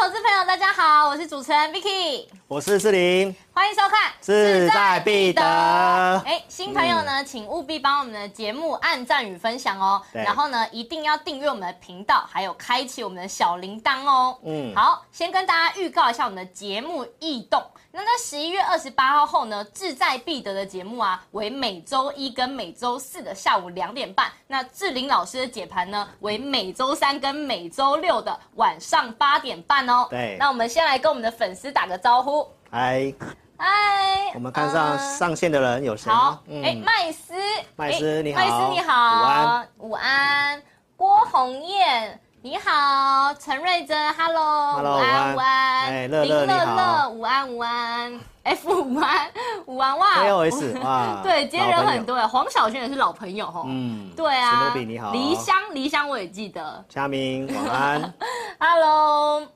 投資朋友，大家好，我是主持人 Vicky，我是志林，歡迎收看《志在必得》。哎，新朋友呢、嗯，請務必幫我們的節目按讚與分享哦，然後呢，一定要訂閱我們的頻道，還有開啟我們的小鈴鐺哦。嗯，好，先跟大家預告一下我們的節目異動。那在十一月二十八號後呢，志在必得的節目啊，為每周一跟每周四的下午兩點半；那志玲老師的解盤呢，為每周三跟每周六的晚上八點半哦、喔。對，那我們先來跟我們的粉絲打個招呼。嗨，嗨，我們看上、嗯、上線的人有誰？好，哎、嗯，麥、欸、斯，麥斯、欸、你好，麥斯你好，午安，午安，嗯、郭鴻燕。你好，陳瑞哲。Hello，午安午安，林樂樂午安午安，F 五、欸、安午安， 安，安，安 KLS，哇，沒有回對，今天人很多哎，黃小娟也是老朋友吼，嗯，對啊，比你好，黎香黎香我也記得，佳明晚安 ，Hello，one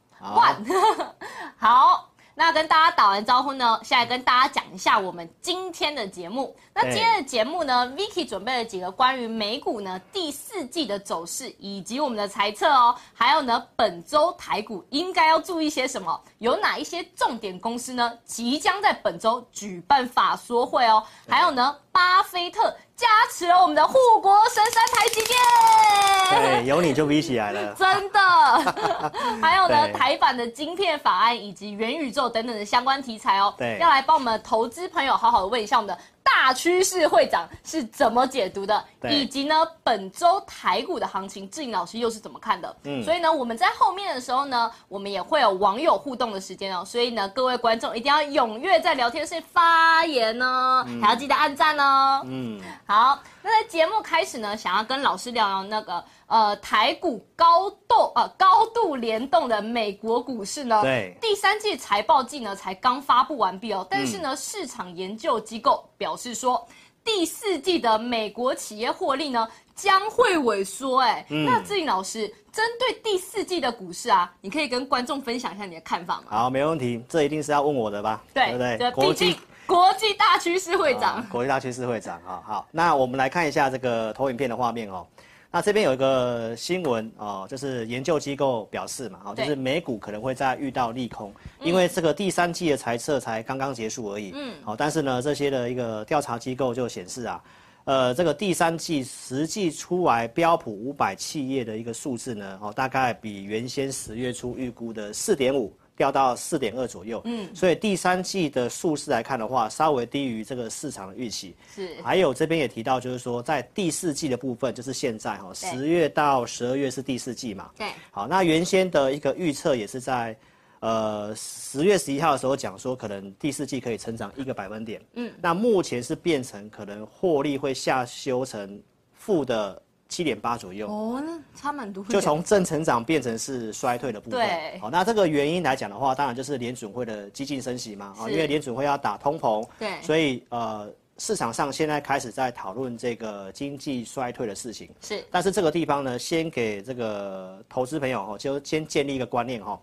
好。 那跟大家打完招呼呢，現在跟大家講一下我們今天的節目。那今天的節目呢，Vicky 準備了幾個關於美股呢第四季的走勢以及我們的猜測哦，還有呢本周台股應該要注意些什麼，有哪一些重點公司呢即將在本周舉辦法說會哦，還有呢巴菲特。加持了我們的護國神山台積電，對，有你就 V 起來了， 真的。 還有呢，台版的晶片法案以及元宇宙等等的相關題材哦，對，要來幫我們投資朋友好好的問一下我們的。大趨勢會長是怎麼解讀的，以及呢本周台股的行情，志穎老師又是怎麼看的？嗯，所以呢我們在後面的時候呢，我們也會有網友互動的時間哦，所以呢各位觀眾一定要踴躍在聊天室發言呢哦，嗯，還要記得按讚哦。嗯，好，那在節目開始呢，想要跟老師聊聊那個。呃，台股高度呃高度聯動的美國股市呢，對，第三季財報季呢才剛發布完畢哦，但是呢、嗯，市場研究機構表示說，第四季的美國企業獲利呢將會萎縮，哎、嗯，那志穎老師針對第四季的股市啊，你可以跟觀眾分享一下你的看法嗎？好，沒問題，這一定是要問我的吧？對，對不對？國際國際大趨勢會漲、 哦，國際大趨勢會漲啊。 好，那我們來看一下這個投影片的畫面哦。那這邊有一個新聞哦，就是研究機構表示嘛，哦，就是美股可能會再遇到利空，因為這個第三季的財測才剛剛結束而已，嗯，好，哦，但是呢，這些的一個調查機構就顯示啊，呃，這個第三季實際出來標普五百企業的一個數字呢，哦，大概比原先十月初預估的四點五。掉到四點二左右，嗯，所以第三季的數字來看的話，稍微低於這個市場的預期。是，還有這邊也提到，就是說在第四季的部分，就是現在齁，十月到十二月是第四季嘛，對。好，那原先的一個預測也是在，呃，十月十一號的時候講說，可能第四季可以成長一個百分點，嗯，那目前是變成可能獲利會下修成負的，七點八左右哦，那差蠻多。就從正成長變成是衰退的部分。對。好、哦，那這個原因來講的話，當然就是聯準會的激進升息嘛。啊、哦，因為聯準會要打通膨。對。所以呃，市場上現在開始在討論這個經濟衰退的事情。是。但是這個地方呢，先給這個投資朋友、哦、就先建立一個觀念哦。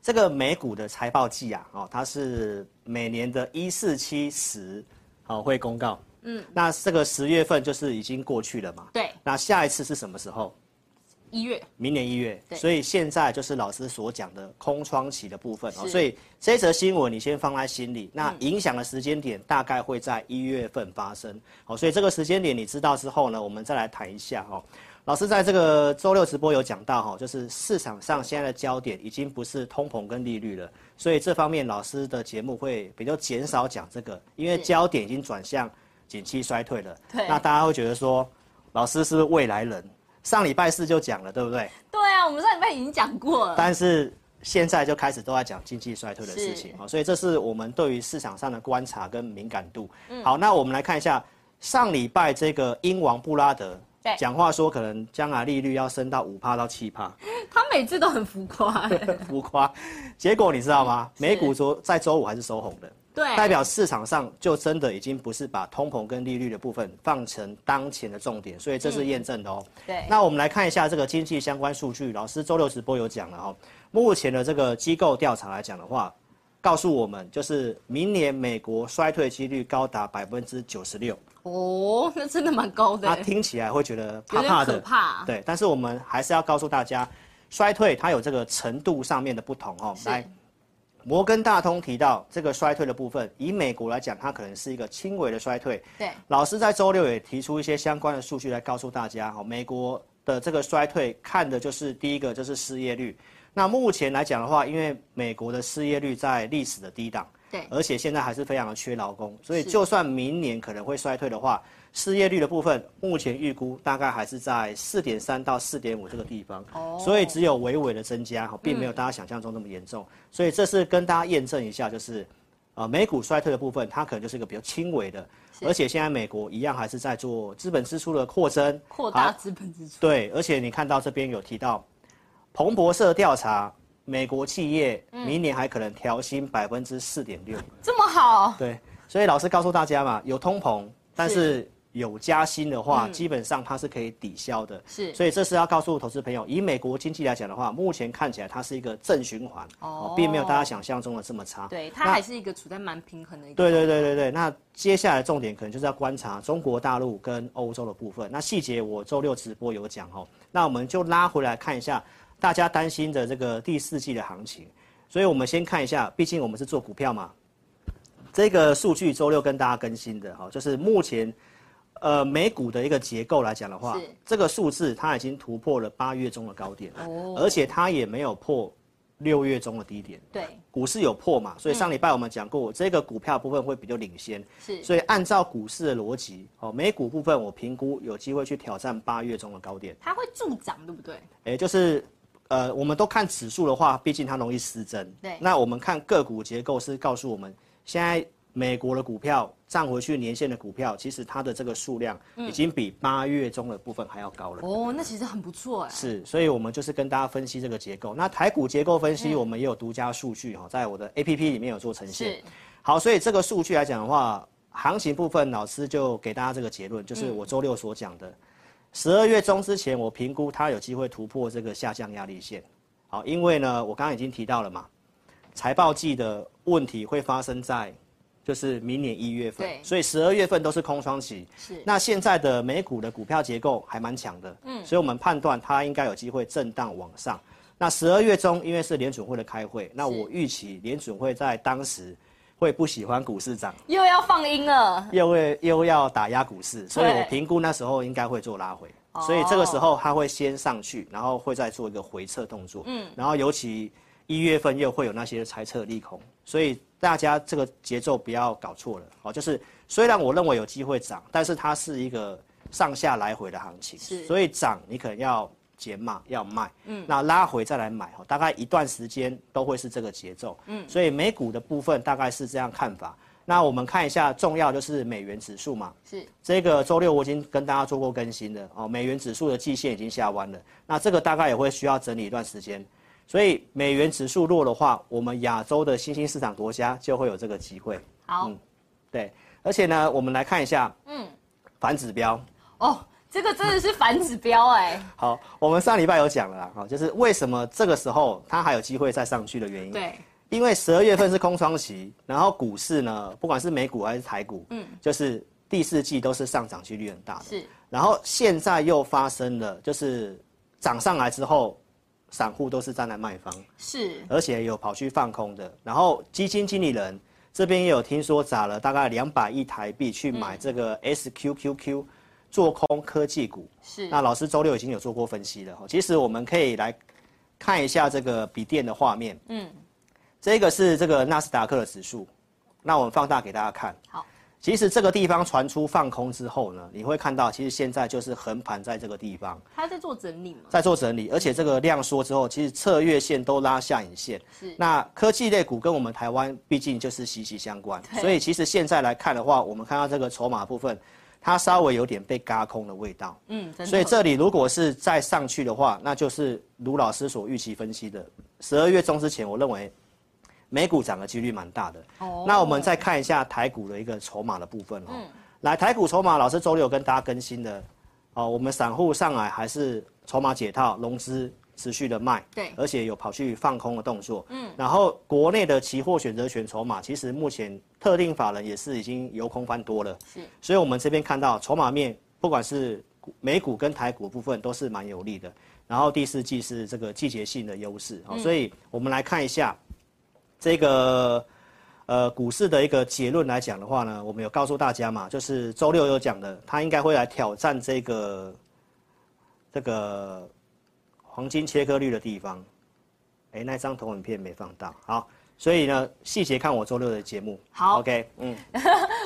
這個美股的財報季啊，哦，它是每年的一四七十，好，會公告。嗯，那這個十月份就是已經過去了嘛？對。那下一次是什麼時候？一月，明年一月。對。所以現在就是老師所講的空窗期的部分哦。所以這則新聞你先放在心裡。那影響的時間點大概會在一月份發生，好，嗯哦，所以這個時間點你知道之後呢，我們再來談一下哦。老師在這個週六直播有講到哈，哦，就是市場上現在的焦點已經不是通膨跟利率了，所以這方面老師的節目會比較減少講這個，因為焦點已經轉向。景氣衰退了，那大家會覺得說，老師是，是未來人，上禮拜四就講了，對不對？對啊，我們上禮拜已經講過了。但是現在就開始都在講經濟衰退的事情，所以這是我們對於市場上的觀察跟敏感度。嗯、好，那我們來看一下上禮拜這個英王布拉德講話說，可能將來利率要升到五趴到七趴。他每次都很浮誇， 浮誇，結果你知道嗎？美股昨在週五還是收紅的。對，代表市場上就真的已經不是把通膨跟利率的部分放成當前的重點，所以這是驗證的哦。嗯、對，那我們來看一下這個經濟相關數據。老師週六直播有講了哈、哦，目前的這個機構調查來講的話，告訴我們就是明年美國衰退幾率高達百分之九十六。哦，那真的蠻高的。那聽起來會覺得怕怕的，怕。對，但是我們還是要告訴大家，衰退它有這個程度上面的不同哦。來。摩根大通提到，這個衰退的部分，以美國來講，它可能是一個輕微的衰退。對，老師在周六也提出一些相關的數據來告訴大家，哈，美國的這個衰退看的就是第一個就是失業率。那目前來講的話，因為美國的失業率在歷史的低檔。而且現在還是非常的缺勞工，所以就算明年可能會衰退的話，失業率的部分目前預估大概還是在四點三到四點五這個地方，哦，所以只有微微的增加哈，並沒有大家想象中那麼嚴重。嗯，所以這是跟大家驗證一下，就是，呃，美股衰退的部分它可能就是一個比較輕微的，而且現在美國一樣還是在做資本支出的擴增，擴大資本支出。對，而且你看到這邊有提到，彭博社調查。美國企業明年還可能調薪百分之四點六，這麼好？對，所以老師告訴大家嘛，有通膨，但是有加薪的話、嗯，基本上它是可以抵消的。是，所以這是要告訴投資朋友，以美國經濟來講的話，目前看起來它是一個正循環哦，並沒有大家想象中的這麼差。對，它還是一個處在蠻平衡的一個。對對對對對。那接下來重點可能就是要觀察中國大陸跟歐洲的部分。那細節我周六直播有講哦。那我們就拉回來看一下。大家擔心的這個第四季的行情，所以我們先看一下，畢竟我們是做股票嘛。這個數據周六跟大家更新的哈。就是目前，呃，美股的一個結構來講的話，這個數字它已經突破了八月中的高點、哦，而且它也沒有破六月中的低點。對，股市有破嘛，所以上禮拜我們講過，嗯、這個股票部分會比較領先。是，所以按照股市的邏輯，哦，美股部分我評估有機會去挑戰八月中的高點。它會助漲，對不對？哎，就是。呃，我們都看指數的話，畢竟它容易失真。對。那我們看個股結構是告訴我們，現在美國的股票站回去年線的股票，其實它的這個數量已經比八月中的部分還要高了。嗯、哦，那其實很不錯哎、欸。是，所以我們就是跟大家分析這個結構。那台股結構分析，我們也有獨家數據哈、嗯，在我的 APP 裡面有做呈現。是。好，所以這個數據來講的話，行情部分老師就給大家這個結論，就是我周六所講的。嗯十二月中之前，我評估它有機會突破這個下降壓力線。好，因為呢，我剛剛已經提到了嘛，財報季的問題會發生在就是明年一月份，對，所以十二月份都是空窗期。是，那現在的美股的股票結構還蠻強的，嗯，所以我們判斷它應該有機會震盪往上。那十二月中因為是聯準會的開會，那我預期聯準會在當時。會不喜歡股市漲，又要放鷹了，又會又要打壓股市，所以我評估那時候應該會做拉回，所以這個時候它會先上去，然後會再做一個回撤動作，嗯，然後尤其一月份又會有那些猜測利空，所以大家這個節奏不要搞錯了哦，就是雖然我認為有機會漲，但是它是一個上下來回的行情，是，所以漲你可能要。減碼要賣，嗯，那拉回再來買，喔，大概一段時間都會是這個節奏，嗯，所以美股的部分大概是這樣看法。那我們看一下重要就是美元指數嘛，是這個週六我已經跟大家做過更新了哦，喔，美元指數的季線已經下彎了，那這個大概也會需要整理一段時間。所以美元指數弱的話，我們亞洲的新興市場國家就會有這個機會。好，嗯，對，而且呢，我們來看一下，嗯，反指標哦。 這個真的是反指標哎、欸！ 好，我們上禮拜有講了啦，哈，就是為什麼這個時候它還有機會再上去的原因。對，因為十二月份是空窗期，然後股市呢，不管是美股還是台股，嗯，就是第四季都是上漲幾率很大的。是，然後現在又發生了，就是漲上來之後，散戶都是站在賣方，是，而且有跑去放空的。然後基金經理人這邊也有聽說砸了大概兩百億台幣去買這個 SQQQ、嗯。做空科技股，是，那老師週六已經有做過分析了。其實我們可以來看一下這個筆電的畫面，嗯，這個是這個納斯達克的指數，那我們放大給大家看。好，其實這個地方傳出放空之後呢，你會看到其實現在就是橫盤在這個地方。他在做整理嗎？在做整理，而且這個量縮之後，其實側月線都拉下影線。是，那科技類股跟我們台灣畢竟就是息息相關，所以其實現在來看的話，我們看到這個籌碼部分。它稍微有點被軋空的味道，嗯，所以這裡如果是再上去的話，那就是盧老師所預期分析的十二月中之前，我認為美股漲的幾率蠻大的。哦，那我們再看一下台股的一個籌碼的部分哈、哦嗯，來，台股籌碼老師周六跟大家更新的，哦，我們散戶上來還是籌碼解套融資。持續的賣，對，而且有跑去放空的動作，嗯，然後國內的期貨選擇權籌碼，其實目前特定法人也是已經由空翻多了，是，所以我們這邊看到籌碼面，不管是美股跟台股部分都是蠻有利的，然後第四季是這個季節性的優勢，好、嗯，所以我們來看一下這個呃股市的一個結論來講的話呢，我們有告訴大家嘛，就是周六有講的，他應該會來挑戰這個這個。黃金切割率的地方，哎、欸，那張投影片沒放大，好，所以呢，細節看我周六的節目。好，OK，嗯，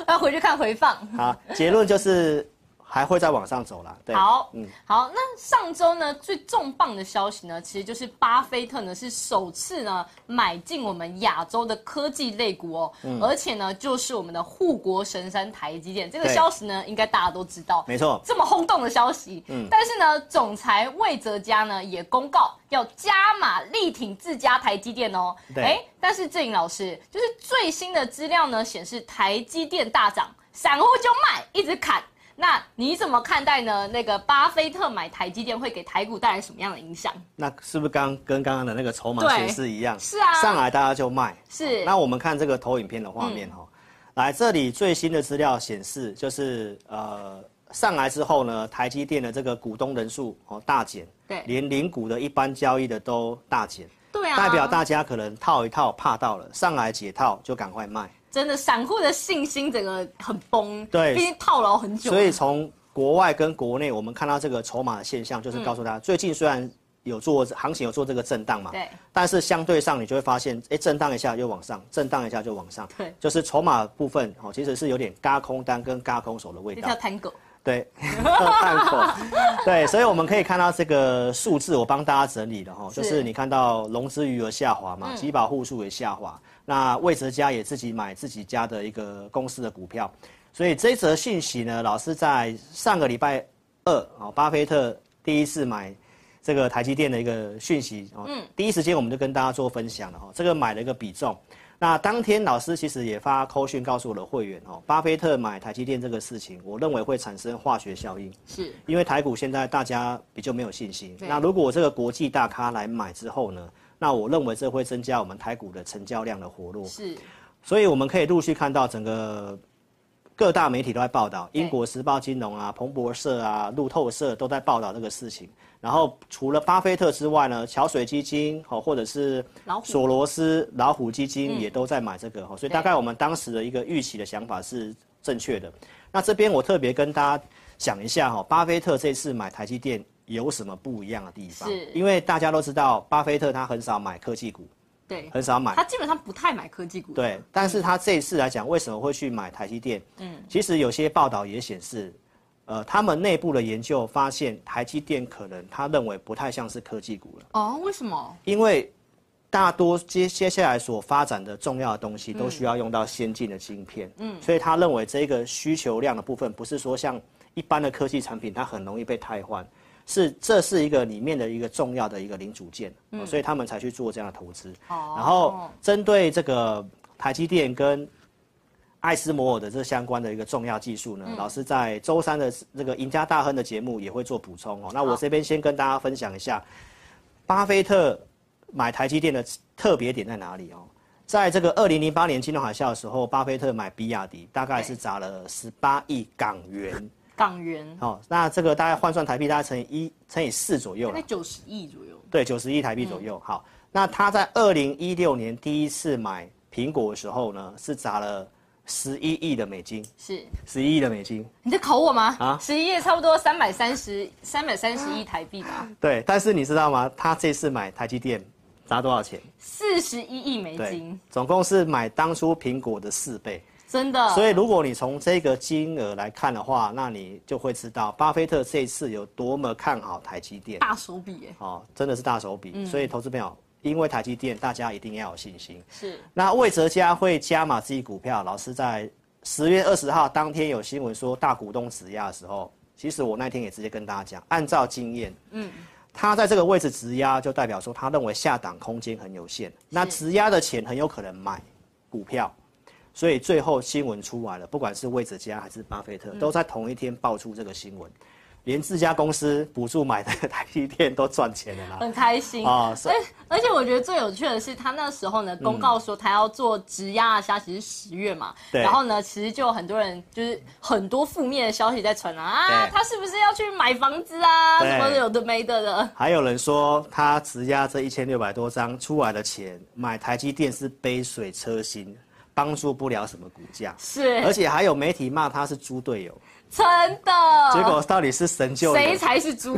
我要回去看回放。好，結論就是。 還會再往上走了。對，好，嗯，好，那上周呢，最重磅的消息呢，其實就是巴菲特呢是首次呢買進我們亞洲的科技類股哦、嗯，而且呢就是我們的護國神山台積電，這個消息呢應該大家都知道，沒錯，這麼轟動的消息。嗯，但是呢總裁魏哲家呢也公告要加碼力挺自家台積電哦。對。欸、但是志穎老師就是最新的資料呢顯示台積電大漲，散戶就賣，一直砍。那你怎麼看待呢？那個巴菲特買台積電會給台股帶來什麼樣的影響？那是不是剛跟剛剛的那個籌碼形式一樣？是啊，上來大家就賣。是。那我們看這個投影片的畫面哈、嗯，來這裡最新的資料顯示，就是呃，上來之後呢，台積電的這個股東人數哦大減，對，連零股的一般交易的都大減，對啊，代表大家可能套一套怕到了，上來解套就趕快賣。真的，散戶的信心整個很崩。對，畢竟套牢很久。所以從國外跟國內，我們看到這個籌碼的現象，就是告訴大家，嗯、最近雖然有做行情，有做這個震盪嘛。對。但是相對上，你就會發現，哎，震盪一下就往上，震盪一下就往上。對。就是籌碼的部分哦，其實是有點嘎空單跟嘎空手的味道。叫探狗。對。 哦、 探狗。對，所以我們可以看到這個數字，我幫大家整理了哈、哦，就是你看到融資餘額下滑嘛，以、嗯、集保戶數也下滑。那魏哲家也自己買自己家的一個公司的股票，所以這則訊息呢，老師在上個禮拜二巴菲特第一次買這個台積電的一個訊息，嗯，第一時間我們就跟大家做分享了哦，這個買了一個比重。那當天老師其實也發扣訊告訴我的會員哦，巴菲特買台積電這個事情，我認為會產生化學效應，是因為台股現在大家比較沒有信心，那如果這個國際大咖來買之後呢？那我認為這會增加我們台股的成交量的活絡，是，所以我們可以陸續看到整個各大媒體都在報道，《英國時報金融》啊，《彭博社》啊，《路透社》都在報道這個事情。然後除了巴菲特之外呢，橋水基金哦，或者是索羅斯老虎基金也都在買這個，哈、嗯，所以大概我們當時的一個預期的想法是正確的。那這邊我特別跟大家講一下哈，巴菲特這次買台積電。有什麼不一樣的地方？是，因為大家都知道，巴菲特他很少買科技股，對，很少買。他基本上不太買科技股。對、嗯，但是他這次來講，為什麼會去買台積電？嗯，其實有些報道也顯示，呃，他們內部的研究發現，台積電可能他認為不太像是科技股了。哦，為什麼？因為大多接接下來所發展的重要的東西，都需要用到先進的晶片，嗯。嗯，所以他認為這個需求量的部分，不是說像一般的科技產品，它很容易被替換。是，這是一個裡面的一個重要的一個零組件，嗯哦、所以他們才去做這樣的投資、哦。然後針對這個台積電跟艾斯摩爾的這相關的一個重要技術呢，嗯、老師在周三的這個贏家大亨的節目也會做補充哦。嗯、那我這邊先跟大家分享一下、哦，巴菲特買台積電的特別點在哪裡哦？在這個二零零八年金融海嘯的時候，巴菲特買比亞迪，大概是砸了十八億港元。 港元哦，那這個大概換算台幣，大概乘以一乘以四左右，那九十億左右。對，九十億台幣左右。嗯。好，那他在二零一六年第一次買蘋果的時候呢，是砸了十一億的美金，是十一億的美金。你在考我嗎？啊，十一億差不多三百三十三百三十億台幣吧 對，但是你知道嗎？他這次買台積電砸多少錢？四十一億美金，總共是買當初蘋果的四倍。真的，所以如果你從這個金額來看的話，那你就會知道巴菲特這一次有多麼看好台積電。大手筆、欸，哎、哦，真的是大手筆、嗯。所以投資朋友，因為台積電，大家一定要有信心。是。那魏哲家會加碼自己股票，老師在十月二十號當天有新聞說大股東質押的時候，其實我那天也直接跟大家講，按照經驗，嗯，他在這個位置質押就代表說他認為下檔空間很有限，那質押的錢很有可能買股票。所以最後新聞出來了，不管是魏哲家還是巴菲特、嗯，都在同一天爆出這個新聞，連自家公司補助買的台積電都賺錢了啦。很開心啊！所、哦、以而且我覺得最有趣的是，他那時候呢公告說他要做質押的消息是十月嘛、嗯，然後呢其實就有很多人就是很多負面的消息在傳啊，啊他是不是要去買房子啊？什麼有的沒的的。還有人說他質押這一千六百多張出來的錢買台積電是杯水車薪。幫助不了什麼股價，是，而且還有媒體罵他是豬隊友，真的。結果到底是神救，誰才是豬？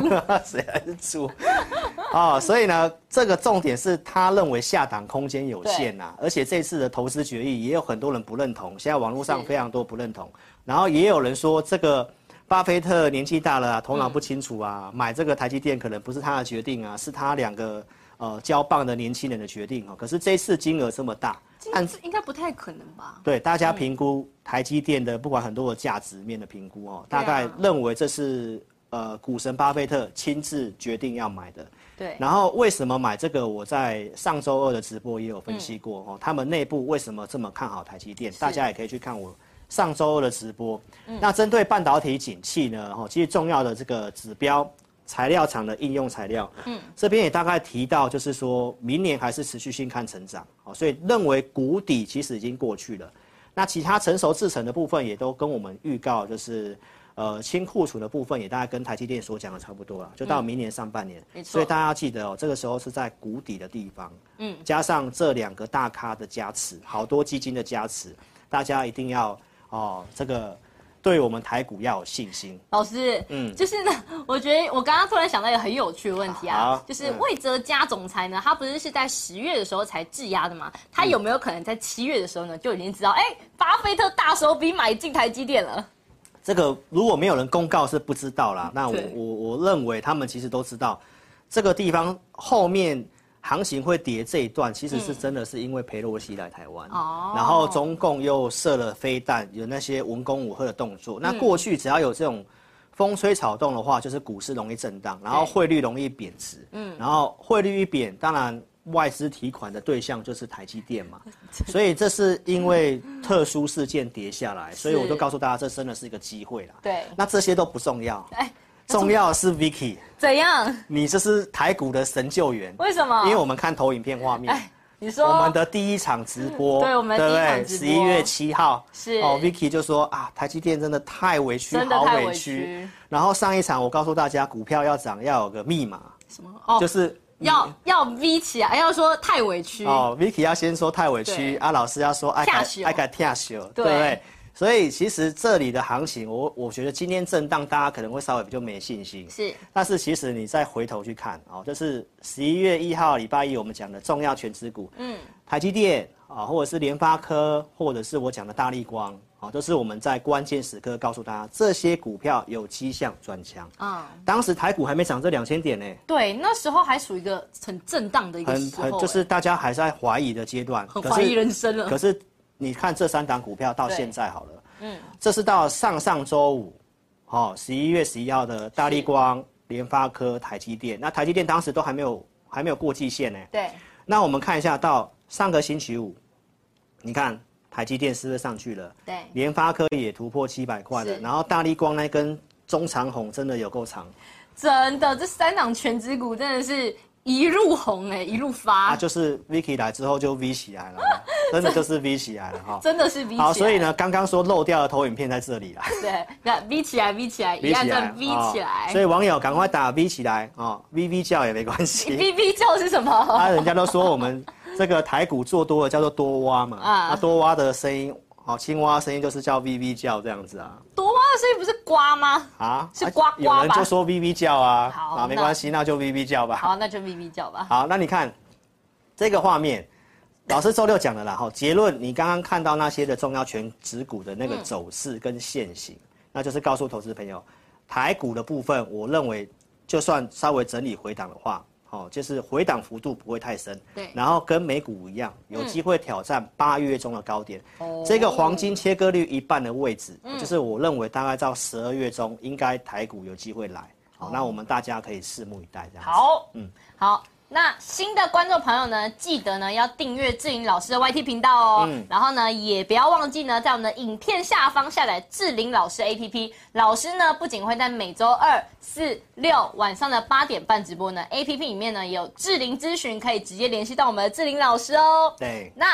誰 是豬？ 哦，所以呢，這個重點是他認為下檔空間有限吶、啊，而且這次的投資決議也有很多人不認同，現在網絡上非常多不認同。然後也有人說，這個巴菲特年紀大了，啊，頭腦不清楚啊，嗯、買這個台積電可能不是他的決定啊，是他兩個呃交棒的年輕人的決定啊。可是這次金額這麼大。按應，應該不太可能吧，嗯？對，大家評估台積電的，不管很多的價值面的評估哦，大概認為這是呃股神巴菲特親自決定要買的。對。然後為什麼買這個？我在上周二的直播也有分析過，嗯、哦，他們內部為什麼這麼看好台積電？大家也可以去看我上周二的直播。嗯、那針對半導體景氣呢？哦、其實重要的這個指標，嗯。材料廠的應用材料，嗯，這邊也大概提到，就是說明年還是持續性看成長，哦，所以認為谷底其實已經過去了。那其他成熟製程的部分也都跟我們預告，就是呃，清庫存的部分也大概跟台積電所講的差不多了，就到明年上半年。嗯，沒錯，所以大家要記得哦，這個時候是在谷底的地方，嗯，加上這兩個大咖的加持，好多基金的加持，大家一定要哦，這個。對我們台股要有信心，老師，嗯，就是呢，我覺得我剛剛突然想到一個很有趣的問題啊，就是魏哲家總裁呢、嗯，他不是是在十月的時候才質押的嗎？他有沒有可能在七月的時候呢就已經知道？哎、嗯欸，巴菲特大手筆買進台積電了？這個如果沒有人公告是不知道啦。嗯、那我我我認為他們其實都知道，這個地方後面。行情會跌這一段，其實是真的是因為裴洛西來台灣、嗯，然後中共又射了飛彈，有那些文攻武嚇的動作、嗯。那過去只要有這種風吹草動的話，就是股市容易震盪，然後匯率容易貶值。嗯，然後匯率一貶，當然外資提款的對象就是台積電嘛。所以這是因為特殊事件跌下來，嗯，所以我都告訴大家，這真的是一個機會啦。對，那這些都不重要，哎、重要的是 Vicky。怎樣？你這是台股的神救援？為什麼？因為我們看投影片畫面。哎、你說我們的第一場直播，嗯、對，我們的對對第一場直播，十一月七號。是哦，Vicky 就說啊，台積電真的太委屈，好委屈，屈。然後上一場我告訴大家，股票要漲要有個密碼。什麼？哦，就是要要 Vicky 啊，要說太委屈。哦，Vicky 要先說太委屈，啊老師要說愛敢愛敢聽秀，對不對？所以其實這裡的行情，我我覺得今天震盪，大家可能會稍微比較沒信心。是，但是其實你再回頭去看啊、哦，就是十一月一號禮拜一，我們講的重要權值股，嗯，台積電啊、哦，或者是聯發科，或者是我講的大立光啊，都、哦，就是我們在關鍵時刻告訴大家，這些股票有跡象轉強啊、嗯。當時台股還沒漲這兩千點呢。對，那時候還屬於一個很震盪的一個時候很很，就是大家還在懷疑的階段，懷疑人生了。可是。可是你看這三檔股票到現在好了，嗯，這是到上上周五，好、哦，十一月十一號的大立光、聯發科、台積電。那台積電當時都還沒有還沒有過季線呢。對。那我們看一下到上個星期五，你看台積電是不是上去了，對。聯發科也突破七百塊了，然後大立光那根中長紅真的有夠長。真的，這三檔權值股真的是。一路紅哎、欸，一路發，啊、就是 Vicky 來之後就 V 起來了，真的就是 V 起來了哈、 喔，真的是 V。好，所以呢，剛剛說漏掉的投影片在這裡啦。對，那 V 起來 v 起來，V 起來，一按就 V 起來、喔。所以網友趕快打 V 起來啊、喔、V V 叫也沒關係。V V 叫是什麼？啊，人家都說我們這個台股做多了叫做多蛙嘛，啊，那多蛙的聲音，哦、喔，青蛙聲音就是叫 V V 叫這樣子啊。多蛙。聲音不是瓜嗎？啊，是瓜。呱、啊、吧？有人就說“微微叫”啊，好，啊、沒關係，那就“微微叫”吧。好，那就“微微叫”吧。好，那你看這個畫面，老師周六講的啦。後 結論，你剛剛看到那些的重要權值股的那個走勢跟線型、嗯，那就是告訴投資朋友，台股的部分，我認為就算稍微整理回檔的話。哦，就是回檔幅度不會太深，對，然後跟美股一樣，有機會挑戰八月中的高點，嗯，這個黃金切割率一半的位置，嗯，就是我認為大概到十二月中應該台股有機會來。好，那我們大家可以拭目以待，這樣。好，嗯，好。那新的觀眾朋友呢，記得呢要訂閱志玲老師的 YT 頻道哦。嗯，然後呢也不要忘記呢，在我們的影片下方下載志玲老師 APP。老師呢不僅會在每周二、四、六晚上的八點半直播呢，APP 裡面呢有志玲諮詢，可以直接聯繫到我們的志玲老師哦。對，那。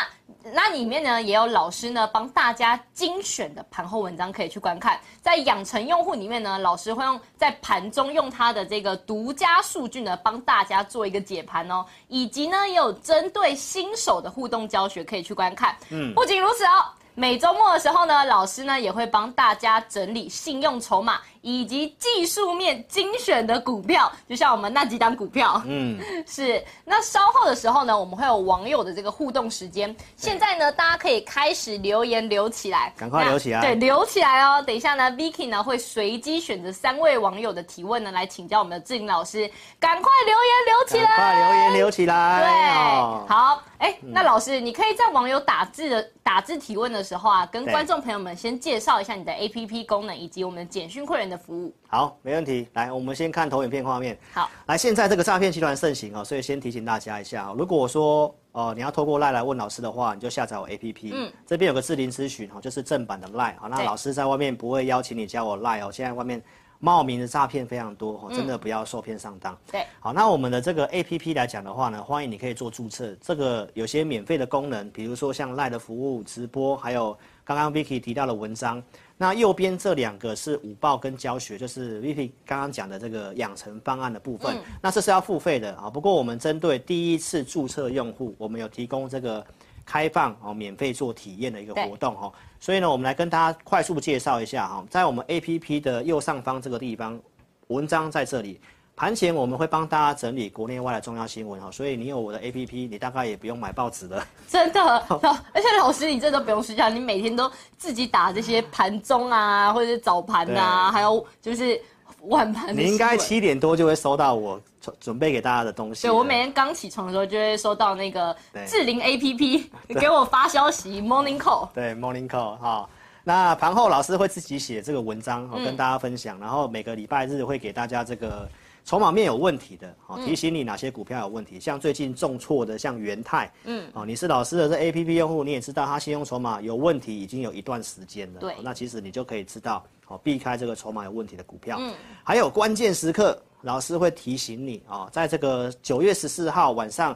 那裡面呢也有老師呢幫大家精選的盤後文章可以去觀看，在養成用戶裡面呢，老師會用在盤中用他的這個獨家數據呢幫大家做一個解盤哦，以及呢也有針對新手的互動教學可以去觀看。嗯，不僅如此哦。每週末的時候呢，老師呢也會幫大家整理信用籌碼以及技術面精選的股票，就像我們那幾檔股票。嗯，是。那稍後的時候呢，我們會有網友的這個互動時間，欸。現在呢，大家可以開始留言留起來，趕快留起來。對，留起來哦。等一下呢，Vicky 呢會隨機選擇三位網友的提問呢來請教我們的志玲老師。趕快留言留起來，快留言留起來。對，哦，好。哎，欸，那老師，你可以在網友打字的打字提問的時候。時候啊，跟觀眾朋友們先介紹一下你的 APP 功能，以及我們的簡訊會員的服務。好，沒問題。來，我們先看投影片畫面。好，來，現在這個詐騙集團盛行啊，所以先提醒大家一下，如果說、呃、你要透過 LINE 來問老師的話，你就下載我 APP。嗯。這邊有個智靈諮詢哦，就是正版的 LINE 好，那老師在外面不會邀請你加我 LINE 哦，現在外面。冒名的詐騙非常多，真的不要受騙上當，嗯。對，好，那我們的這個 APP 來講的話呢，歡迎你可以做註冊。這個有些免費的功能，比如說像 LINE 的服務直播，還有剛剛 Vicky 提到的文章。那右邊這兩個是五報跟教學，就是 Vicky 剛剛講的這個養成方案的部分。嗯、那這是要付費的啊，不過我們針對第一次註冊用戶，我們有提供這個開放免費做體驗的一個活動。所以呢，我們來跟大家快速介紹一下哈，在我們 A P P 的右上方這個地方，文章在這裡。盤前我們會幫大家整理國內外的重要新聞哈，所以你有我的 A P P，你大概也不用買報紙了。真的，好， 而且老師你這都不用睡覺，你每天都自己打這些盤中啊，或者是早盤啊，還有就是。晚盤，你應該七點多就會收到我準準備給大家的東西。對，我每天剛起床的時候就會收到那個智靈 A P P 給我發消息，Morning Call。對，Morning Call 哈、哦。那盤後老師會自己寫這個文章、哦嗯，跟大家分享。然後每個禮拜日會給大家這個籌碼面有問題的，好、哦，提醒你哪些股票有問題、嗯。像最近重挫的，像元泰，嗯，哦，你是老師的這 A P P 用戶，你也知道他信用籌碼有問題已經有一段時間了。對、哦，那其實你就可以知道。哦，避開這個籌碼有問題的股票。嗯，還有關鍵時刻，老師會提醒你哦。在這個九月十四號晚上，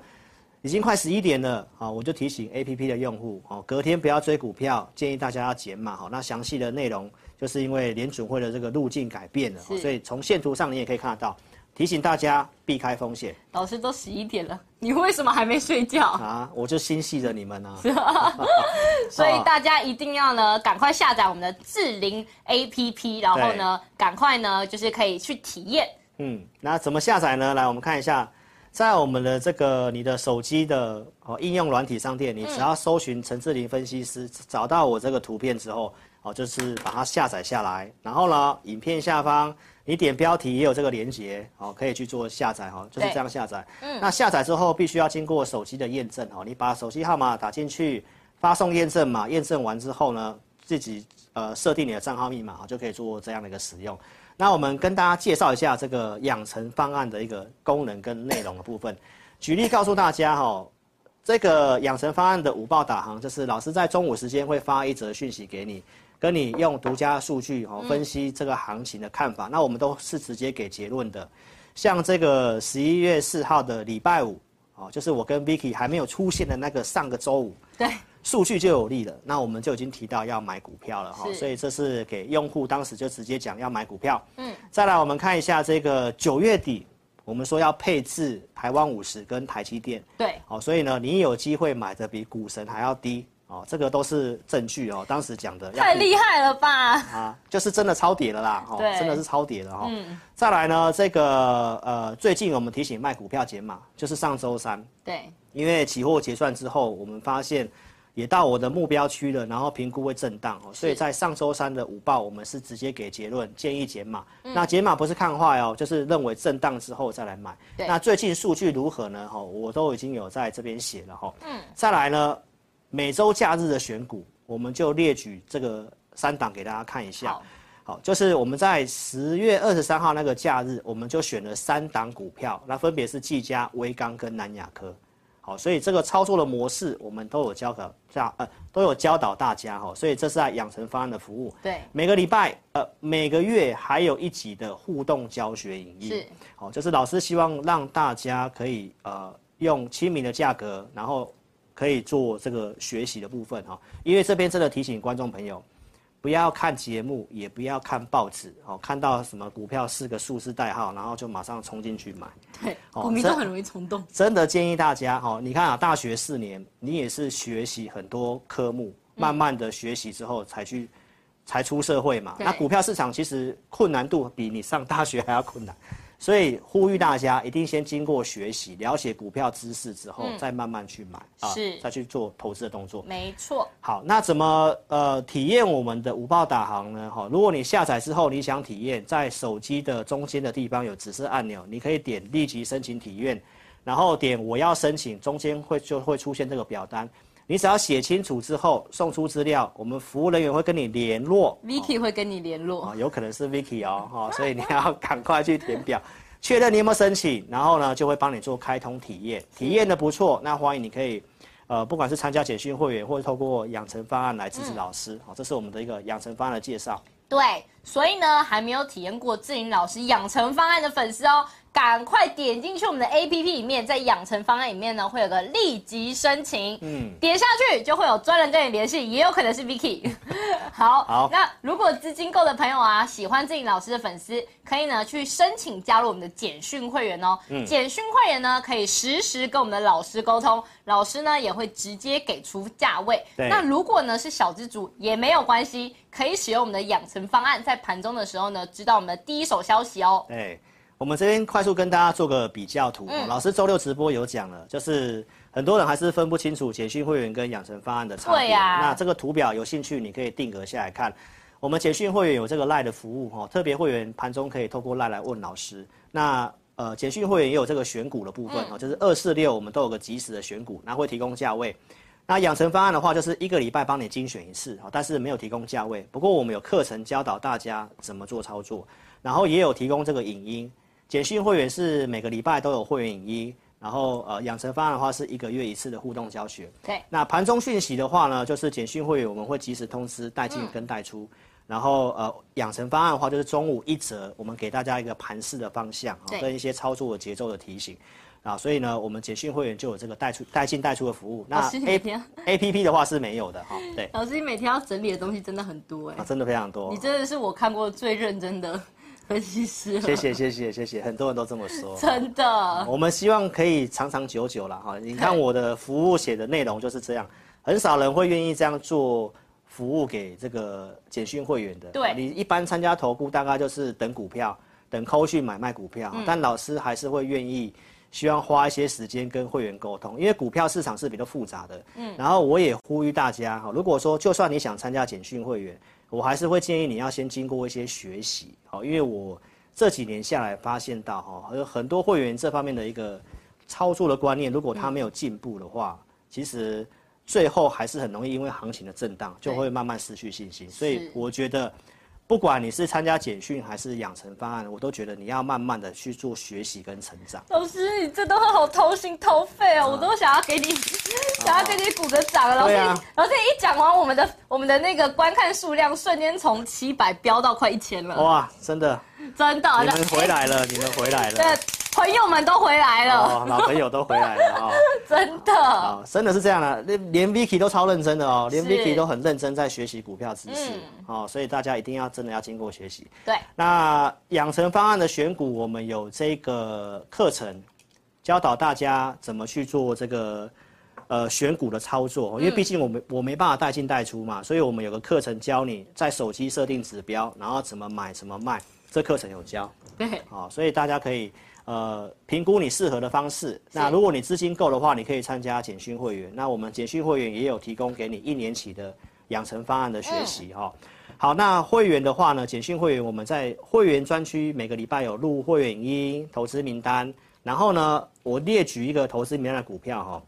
已經快十一點了，哦，我就提醒 APP 的用戶哦，隔天不要追股票，建議大家要減碼。好，那詳細的內容就是因為聯準會的這個路徑改變了，所以從線圖上你也可以看得到。提醒大家避開風險。老師都十一點了，你為什麼還沒睡覺啊？我就心繫着你們呢。是啊。 所以大家一定要呢，趕快下載我們的智霖 A P P，然後呢，趕快呢，就是可以去體驗。嗯。那怎麼下載呢？來，我們看一下，在我們的這個你的手機的，哦，應用軟體商店，你只要搜尋陳智霖分析師，嗯，找到我這個圖片之後，哦，就是把它下載下來，然後呢，影片下方。你點標題也有這個連結，好，可以去做下載哈，就是這樣下載。那下載之後必須要經過手機的驗證哦，你把手機號碼打進去，發送驗證碼，驗證完之後呢，自己呃設定你的賬號密碼，就可以做這樣的一個使用。那我們跟大家介紹一下這個養成方案的一個功能跟內容的部分。舉例告訴大家哈，這個養成方案的午報導航，就是老師在中午時間會發一則訊息給你。跟你用獨家數據哦分析這個行情的看法，嗯，那我們都是直接給結論的。像這個十一月四號的禮拜五哦，就是我跟 Vicky 還沒有出現的那個上個週五，對，數據就有利了，那我們就已經提到要買股票了哈，所以這是給用戶當時就直接講要買股票。嗯，再來我們看一下這個九月底，我們說要配置台灣五十跟台積電，對，哦，所以呢，你有機會買的比股神還要低。哦，這個都是證據哦，當時講的太厲害了吧？啊，就是真的超跌了啦，對、哦、真的是超跌了哈、哦。嗯。再來呢，這個呃，最近我們提醒賣股票減碼，就是上周三。對。因為期貨結算之後，我們發現也到我的目標區了，然後評估會震盪哦，所以在上周三的午報，我們是直接給結論，建議減碼。嗯、那減碼不是看壞哦，就是認為震盪之後再來買。那最近數據如何呢？哈、哦，我都已經有在這邊寫了哈、哦。嗯。再來呢？每週假日的選股，我們就列舉這個三檔給大家看一下。好，好就是我們在十月二十三號那個假日，我們就選了三檔股票，那分別是技嘉、威剛跟南亞科。好，所以這個操作的模式，我們都有教導，這樣呃都有教導大家哈。所以這是在養成方案的服務。對，每個禮拜呃每個月還有一集的互動教學影音。是。好，就是老師希望讓大家可以呃用親民的價格，然後。可以做這個學習的部分哈，因為這邊真的提醒觀眾朋友，不要看節目，也不要看報紙哦，看到什麼股票四個數字代號，然後就馬上衝進去買，對，股民都很容易衝動。真的建議大家哈，你看啊，大學四年，你也是學習很多科目，慢慢的學習之後才去、嗯、才出社會嘛，那股票市場其實困難度比你上大學還要困難。所以呼籲大家，一定先經過學習、了解股票知識之後，嗯、再慢慢去買啊、呃，再去做投資的動作。沒錯。好，那怎麼呃體驗我們的五報打航呢？哈、哦，如果你下載之後，你想體驗，在手機的中間的地方有指示按鈕，你可以點立即申請體驗，然後點我要申請，中間會就會出現這個表單。你只要寫清楚之後，送出資料，我們服務人員會跟你聯絡，Vicky、哦、會跟你聯絡，啊、哦，有可能是 Vicky 哦，哦所以你要趕快去填表，確 認你有沒有申請，然後呢就會幫你做開通體驗，體驗的不錯，那歡迎你可以，呃，不管是參加簡訊會員，或者透過養成方案來支持老師，好、嗯哦，這是我們的一個養成方案的介紹。對，所以呢，還沒有體驗過智霖老師養成方案的粉絲哦。趕快點進去我們的 A P P 裡面，在養成方案裡面呢，會有個立即申請，嗯，點下去就會有專人跟你聯繫，也有可能是 Vicky。 好，好，那如果資金夠的朋友啊，喜歡自己老師的粉絲，可以呢去申請加入我們的簡訊會員哦。嗯，簡訊會員呢可以實時,時跟我們的老師溝通，老師呢也會直接給出價位。對，那如果呢是小資族，也沒有關係，可以使用我們的養成方案，在盤中的時候呢知道我們的第一手消息哦。對我們這邊快速跟大家做個比較圖。老師週六直播有講了，就是很多人還是分不清楚簡訊會員跟養成方案的差異。對啊。那這個圖表有興趣，你可以定格下來看。我們簡訊會員有這個賴的服務哈，特別會員盤中可以透過賴來問老師。那呃，簡訊會員也有這個選股的部分，就是二四六我們都有個即時的選股，然後會提供價位。那養成方案的話，就是一個禮拜幫你精選一次哈，但是沒有提供價位。不過我們有課程教導大家怎麼做操作，然後也有提供這個影音。簡訊會員是每個禮拜都有會員影音，然後呃養成方案的話是一個月一次的互動教學。對。那盤中訊息的話呢，就是簡訊會員我們會及時通知帶進跟帶出、嗯，然後呃養成方案的話就是中午一則我們給大家一個盤勢的方向、哦、跟一些操作節奏的提醒，啊，所以呢我們簡訊會員就有這個帶出帶進帶出的服務。那 A P A P P 的話是沒有的哈、哦，對。老師你每天要整理的東西真的很多哎、欸。啊，真的非常多。你真的是我看過最認真的。分析師，謝謝謝謝謝謝，很多人都這麼說， 真的。我們希望可以長長久久了哈。你看我的服務寫的內容就是這樣，很少人會願意這樣做服務給這個簡訊會員的。對，你一般參加投顧大概就是等股票，等 call 去買賣股票，但老師還是會願意希望花一些時間跟會員溝通，因為股票市場是比較複雜的。嗯，然後我也呼籲大家哈，如果說就算你想參加簡訊會員。我還是會建議你要先經過一些學習，好，因為我這幾年下來發現到哈，有很多會員這方面的一個操作的觀念，如果他沒有進步的話，嗯，其實最後還是很容易因為行情的震盪，就會慢慢失去信心。所以我覺得。不管你是參加簡訊還是養成方案，我都覺得你要慢慢的去做學習跟成長。老師，你這段話好掏心掏肺哦，我都想要給你、啊、想要給你鼓個掌。老師，啊啊、老師一講完，我們的我們的那個觀看數量瞬間從七百飆到快一千了。哇、哦啊，真的。真的，你們回來了，欸、你們回來了對，朋友們都回來了，哦、 老朋友都回來了啊、哦！真的，真的是這樣的、啊。連 Vicky 都超認真的哦，連 Vicky 都很認真在學習股票知識、嗯、哦，所以大家一定要真的要經過學習。對，那養成方案的選股，我們有這個課程，教導大家怎麼去做這個呃選股的操作。因為畢竟我們我沒辦法帶進帶出嘛，所以我們有個課程教你在手機設定指標，然後怎麼買，怎麼賣。這課程有教，對、嗯，好、哦，所以大家可以，呃，評估你適合的方式。那如果你資金夠的話，你可以參加簡訊會員。那我們簡訊會員也有提供給你一年期的養成方案的學習哈、嗯哦。好，那會員的話呢，簡訊會員我們在會員專區每個禮拜有錄會員一投資名單，然後呢，我列舉一個投資名單的股票哈。哦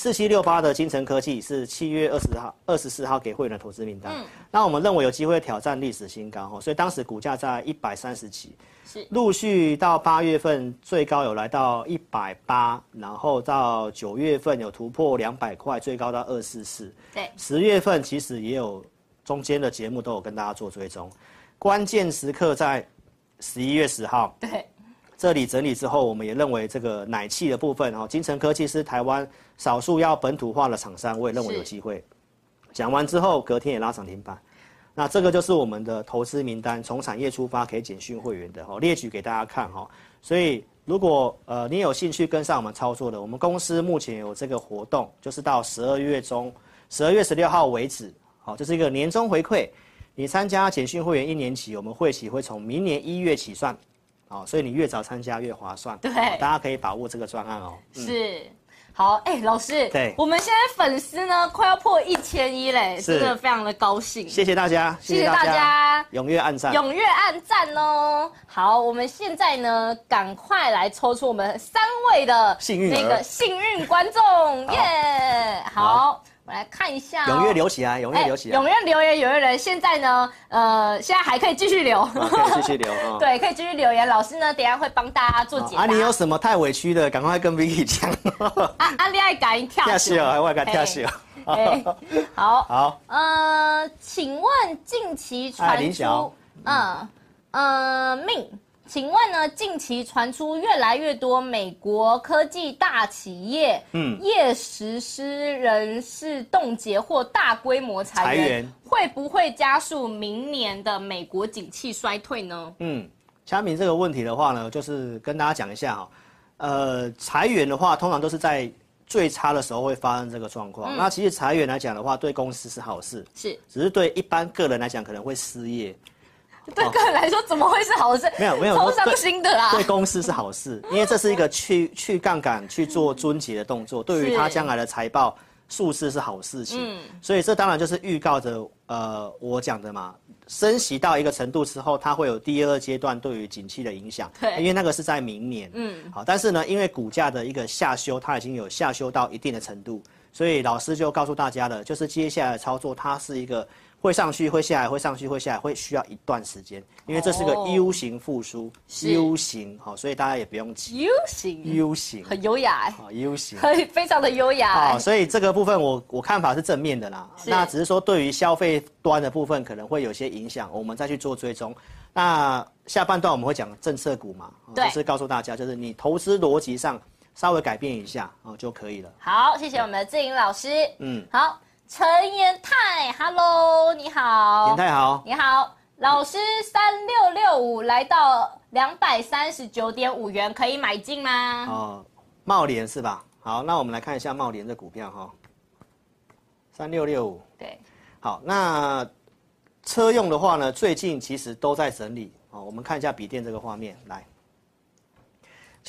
四七六八的晶呈科技是七月二十號、二十四號給會員的投資名單。嗯。那我們認為有機會挑戰歷史新高，所以當時股價在一百三十幾，是陸續到八月份最高有來到一百八，然後到九月份有突破兩百塊，最高到二四四。對，十月份其實也有中間的節目都有跟大家做追蹤，關鍵時刻在十一月十號。對。這裡整理之後，我們也認為這個奶氣的部分，哈，精誠科技是台灣少數要本土化的廠商，我也認為有機會。講完之後，隔天也拉漲停板。那這個就是我們的投資名單，從產業出發可以簡訊會員的，哈，列舉給大家看，哈。所以，如果呃你有興趣跟上我們操作的，我們公司目前有這個活動，就是到十二月中，十二月十六號為止，好，這是一個年終回饋。你參加簡訊會員一年起，我們會期會從明年一月起算。好，所以你越早參加越划算。對，大家可以把握這個專案哦。嗯、是，好，哎、欸，老師，對，我們現在粉絲呢快要破一千一嘞，是，真的非常的高興。謝謝大家，謝謝大家，踴躍按讚，踴躍按讚哦。好，我們現在呢，趕快來抽出我們三位的幸運那個幸運觀眾耶、yeah！好。好我來看一下、喔，踊躍留起啊，踴躍留起來踴躍、欸、留言，踴躍留言。現在呢，呃，現在還可以繼續留，啊、可以繼續留，哦、 對，可以繼續留言。老師呢，等一下會幫大家做解答啊。啊，你有什麼太委屈的，趕快跟 Vicky 講、 啊。啊啊，你愛敢跳戲還我敢跳戲啊、欸。好，好。呃、嗯，請問近期傳出、哎林小，嗯，嗯,嗯命。請問呢？近期傳出越來越多美國科技大企業，嗯，業實施人事凍結或大規模裁員，會不會加速明年的美國景氣衰退呢？嗯，嘉明這個問題的話呢，就是跟大家講一下哈，呃，裁員的話，通常都是在最差的時候會發生這個狀況。嗯，那其實裁員來講的話，對公司是好事，是，只是對一般個人來講可能會失業。對個人來說，怎麼會是好事？哦、沒有、沒有，超傷心的啦。對公司是好事， 因為這是一個去去槓桿、去做遵級的動作，對於他將來的財報數字是好事情。嗯，所以這當然就是預告着，呃，我講的嘛，升息到一個程度之後，它會有第二階段對於景氣的影響。對，因為那個是在明年。嗯。好，但是呢，因為股價的一個下修，它已經有下修到一定的程度，所以老師就告訴大家了，就是接下來的操作，它是一個。會上去，會下來，會上去，會下來，會需要一段時間，因為這是個 U 型復甦、哦、U 型，好、哦，所以大家也不用急。U 型。U 型。很優雅、欸。好、哦、U 型。非常的優雅、欸。好、哦，所以這個部分我我看法是正面的啦，那只是說對於消費端的部分可能會有些影響，我們再去做追蹤。那下半段我們會講政策股嘛，哦、就是告訴大家，就是你投資邏輯上稍微改變一下、哦、就可以了。好，謝謝我們的鄭穎老師。嗯，好。陳延泰哈嘍，你好。延泰好，你好，老師，三六六五來到兩百三十九點五元，可以買進嗎？哦、呃，貿聯是吧？好，那我們來看一下貿聯這股票哈，三六六五，對，好，那車用的話呢，最近其實都在整理哦，我們看一下筆電這個畫面來。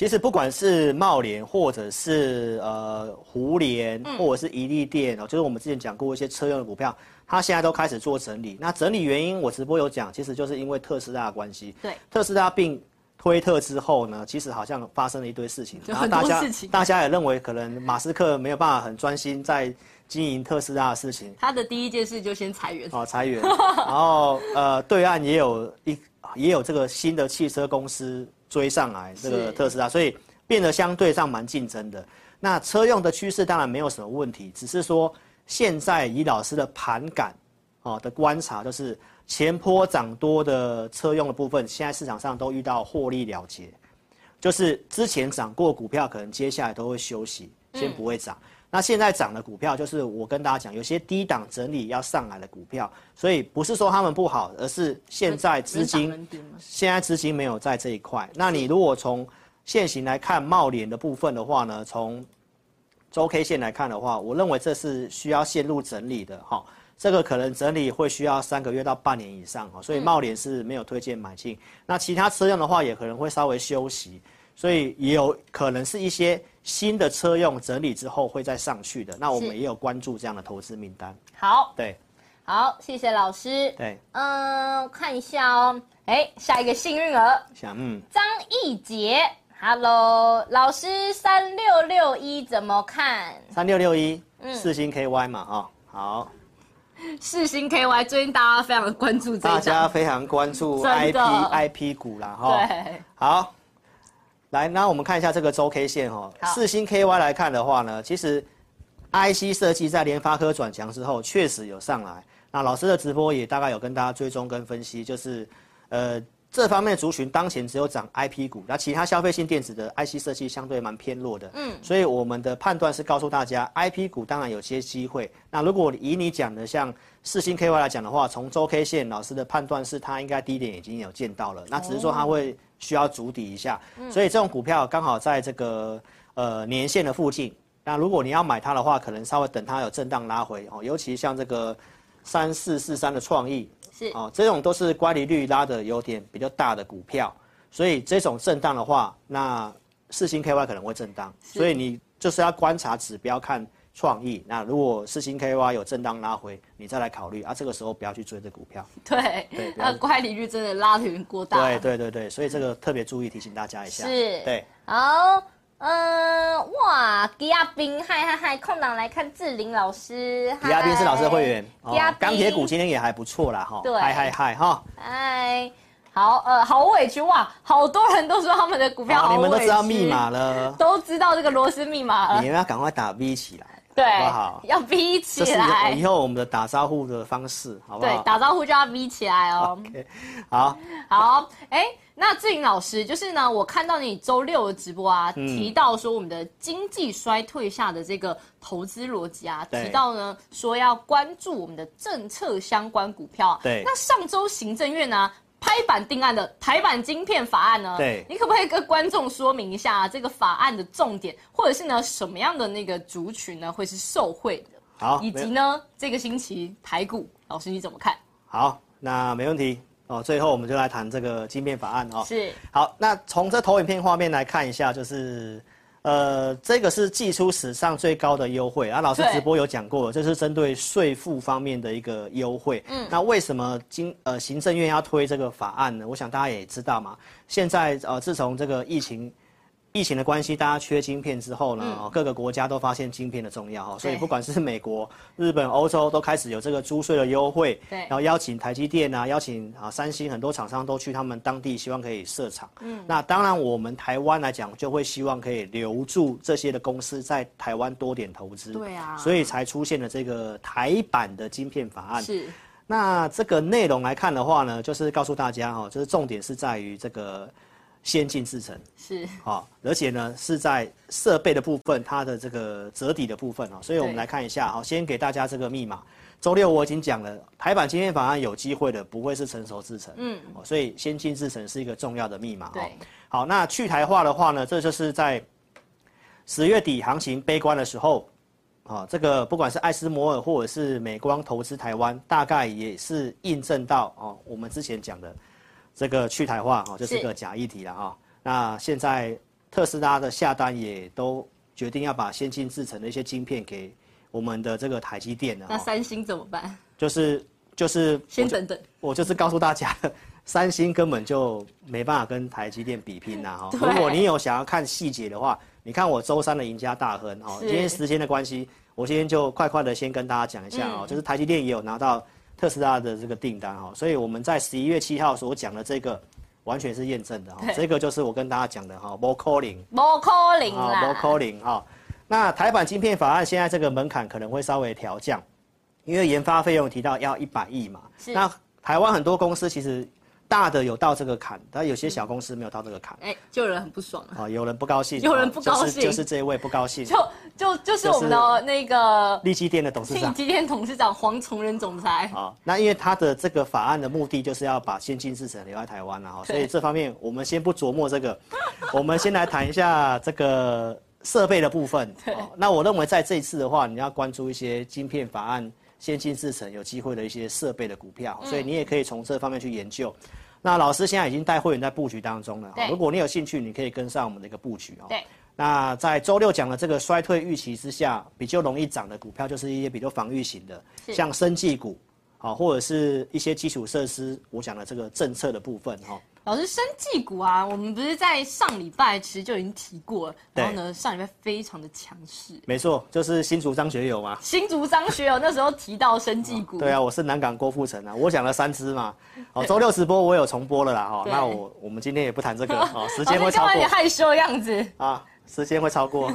其實不管是貿聯，或者是呃胡連，或者是怡利電啊，就是我們之前講過一些車用的股票，它現在都開始做整理。那整理原因，我直播有講，其實就是因為特斯拉的關係。對，特斯拉併推特之後呢，其實好像發生了一堆事情，就很多事情，然後大家。大家也認為可能馬斯克沒有辦法很專心在經營特斯拉的事情。他的第一件事就先裁員。哦，裁員。 然後呃，對岸也有一也有這個新的汽車公司。追上來，這個特斯拉，所以變得相對上蠻競爭的。那車用的趨勢當然沒有什麼問題，只是說現在以老師的盤感，啊的觀察，就是前波漲多的車用的部分，現在市場上都遇到獲利了結，就是之前漲過股票，可能接下來都會休息，先不會漲。嗯那現在漲的股票就是我跟大家講，有些低檔整理要上來的股票，所以不是說他們不好，而是現在資金現在資金沒有在這一塊。那你如果從現行來看貿聯的部分的話呢，從周 K 線來看的話，我認為這是需要線路整理的哈，這個可能整理會需要三個月到半年以上哈，所以貿聯是沒有推薦買進。嗯、那其他車輛的話也可能會稍微休息。所以也有可能是一些新的車用整理之後會再上去的。那我們也有關注這樣的投資名單。好，對，好，謝謝老師。對，嗯，看一下哦、喔。哎、欸，下一個幸運兒想，嗯，張義傑，Hello，老師，三六六一怎麼看？三六六一，嗯，世芯 KY 嘛，啊、喔，好。世芯 KY 最近大家非常的關注這，大家非常關注 IP IP 股啦，哈、喔，好。來，那我們看一下這個周 K 線哈，四星 KY 來看的話呢，其實 IC 設計在聯發科轉強之後確實有上來。那老師的直播也大概有跟大家追蹤跟分析，就是呃。這方面的族群當前只有漲 IP 股，那其他消費性電子的 IC 設計相對蠻偏弱的。嗯，所以我們的判斷是告訴大家，IP 股當然有些機會。那如果以你講的像四星 KY 來講的話，從周 K 線老師的判斷是它應該低點已經有見到了，那只是說它會需要築底一下，哦。所以這種股票剛好在這個呃年線的附近。那如果你要買它的話，可能稍微等它有震盪拉回哦，尤其像這個三四四三的創意。哦，這種都是乖離率拉的有點比較大的股票，所以這種震盪的話，那四星 K Y 可能會震盪，所以你就是要觀察指標看創意。那如果四星 K Y 有震盪拉回，你再來考慮啊，這個時候不要去追着股票。對對，啊，乖離率真的拉的有點過大。對對對對，所以這個特別注意提醒大家一下。是。對。好。呃、嗯，哇，李亞斌，嗨嗨嗨，空檔來看志玲老師。李亞斌是老師的會員。鋼鐵股今天也還不錯啦，哈、哦。對。嗨嗨嗨，哈。嗨，好，呃，好委屈哇，好多人都說他們的股票好，好。你們都知道密碼了，都知道這個螺絲密碼了。你們要趕快打 V 起來。對，好好，要逼起來。這是以後我們的打招呼的方式，好不好？對，打招呼就要逼起來哦。OK，好。好，哎，那志穎老師，就是呢，我看到你週六的直播啊，提到說我們的經濟衰退下的這個投資邏輯啊，嗯、提到呢說要關注我們的政策相關股票。對，那上週行政院呢？拍板定案的台版晶片法案呢？對，你可不可以跟觀眾說明一下這個法案的重點或者是呢什麼樣的那個族群呢會是受惠的？好，以及呢這個星期台股老師你怎麼看？好，那沒問題哦。最後我們就來談這個晶片法案哦。是。好，那從這投影片畫面來看一下，就是。呃，這個是祭出史上最高的優惠啊！老師直播有講過，這是針對稅負方面的一個優惠。嗯，那為什麼經呃行政院要推這個法案呢？我想大家也知道嘛，現在呃自從這個疫情。疫情的關係，大家缺晶片之後呢，嗯，各個國家都發現晶片的重要，所以不管是美國、日本、歐洲都開始有這個租稅的優惠，對，然後邀請台積電啊、邀請啊三星，很多廠商都去他們當地，希望可以設廠。嗯，那當然，我們台灣來講，就會希望可以留住這些的公司在台灣多點投資。對啊，所以才出現了這個台版的晶片法案。是。那這個內容來看的話呢，就是告訴大家，哈，就是重點是在於這個。先進製程是好，而且呢是在設備的部分，它的這個折底的部分，所以我們來看一下，好，先給大家這個密碼。周六我已經講了，台版晶片法案有機會的，不會是成熟製程，嗯，所以先進製程是一個重要的密碼，好，那去台化的話呢，這就是在十月底行情悲觀的時候啊，這個不管是艾斯摩爾，或者是美光投資台灣，大概也是印證到我們之前講的。這個去台化哈，就是個假議題了哈。那現在特斯拉的下單也都決定要把先進製程的一些晶片給我們的這個台積電了。那三星怎麼辦？就是就是就先等等。我就是告訴大家，三星根本就沒辦法跟台積電比拼吶哈、嗯。如果你有想要看細節的話，你看我周三的贏家大亨哈。今天時間的關係，我今天就快快的先跟大家講一下、嗯、就是台積電也有拿到。特斯拉的這個訂單哈，所以我們在十一月七號所講的這個，完全是驗證的哈。這個就是我跟大家講的哈，無可能，無可能，啊，無可能啊。那台版晶片法案現在這個門檻可能會稍微調降，因為研發費用提到要一百億嘛。是。那台灣很多公司其實，大的有到這個坎，但有些小公司沒有到這個坎。哎、嗯欸，就有人很不爽啊、哦！有人不高興，有人不高興，哦就是、就是這一位不高興。就就就是我們的那個、就是、力積電的董事長，力積電董事長黃崇仁總裁。好、哦，那因為他的這個法案的目的就是要把先進製程留在台灣啊，所以這方面我們先不琢磨這個， 我們先來談一下這個設備的部分、哦。那我認為在這一次的話，你要關注一些晶片法案。先進製程有機會的一些設備的股票，所以你也可以從這方面去研究。嗯、那老師現在已經帶會員在布局當中了，如果你有興趣，你可以跟上我們的一個布局哦。對。那在周六講的這個衰退預期之下，比較容易漲的股票就是一些比較防禦型的，像生技股，或者是一些基礎設施。我講的這個政策的部分哈。老師，生技股啊，我們不是在上禮拜其實就已經提過了，然後呢，上禮拜非常的強勢。沒錯，就是新竹張學友嘛。新竹張學友那時候提到生技股、嗯。對啊，我是南港郭富城啊，我講了三支嘛。哦，周六直播我有重播了啦哈、哦，那我我們今天也不談這個，好、哦，時間會超過。有點害羞的樣子。啊，時間會超過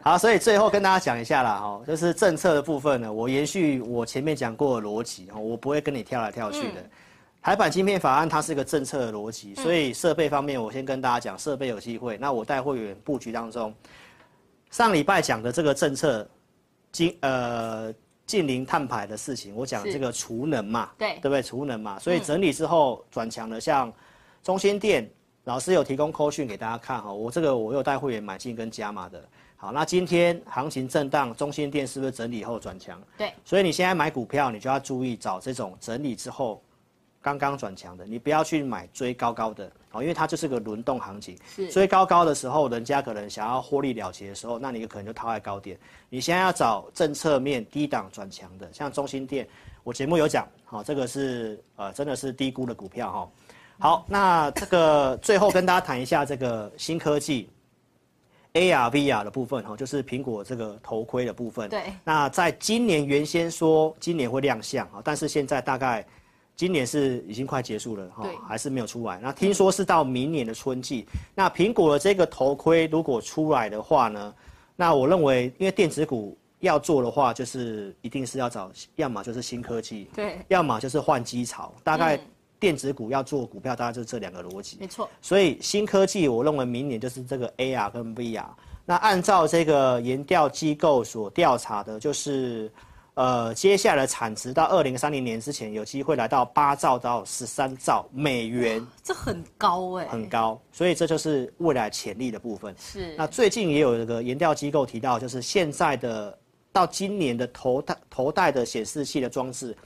好。好，所以最後跟大家講一下啦，哈，就是政策的部分呢，我延續我前面講過的邏輯，哈，我不會跟你跳來跳去的。嗯台版晶片法案，它是一個政策的邏輯、嗯，所以設備方面，我先跟大家講，設備有機會。那我帶會員布局當中，上禮拜講的這個政策，晶呃淨零碳排的事情，我講這個儲能嘛，對，對不對？儲能嘛，所以整理之後轉強了，像中興電、嗯、老師有提供 call 訊給大家看哈，我這個我又帶會員買進跟加碼的。好，那今天行情震盪，中興電是不是整理後轉強？對，所以你現在買股票，你就要注意找這種整理之後。剛剛轉強的，你不要去買追高高的哦，因為它就是個輪動行情。是追高高的時候，人家可能想要獲利了結的時候，那你可能就套在高點。你現在要找政策面低檔轉強的，像中興電。我節目有講，好、哦，這個是呃真的是低估的股票哈、哦。好，那這個最後跟大家談一下這個新科技 ，ARVR 的部分哈、哦，就是蘋果這個頭盔的部分。對。那在今年原先說今年會亮相啊、哦，但是現在大概。今年是已經快結束了哈，還是沒有出來？那聽說是到明年的春季。那蘋果的這個頭盔如果出來的話呢？那我認為，因為電子股要做的話，就是一定是要找，要麼就是新科技，對，要麼就是換機潮、嗯。大概電子股要做股票，大概就是這兩個邏輯。沒錯。所以新科技，我認為明年就是這個 AR 跟 VR。那按照這個研調機構所調查的，就是。呃，接下來的產值到二零三零年之前有機會來到八兆到十三兆美元，這很高哎，欸，很高。所以這就是未來潛力的部分。是。那最近也有一個研調機構提到，就是現在的到今年的頭戴頭戴的顯示器的裝置，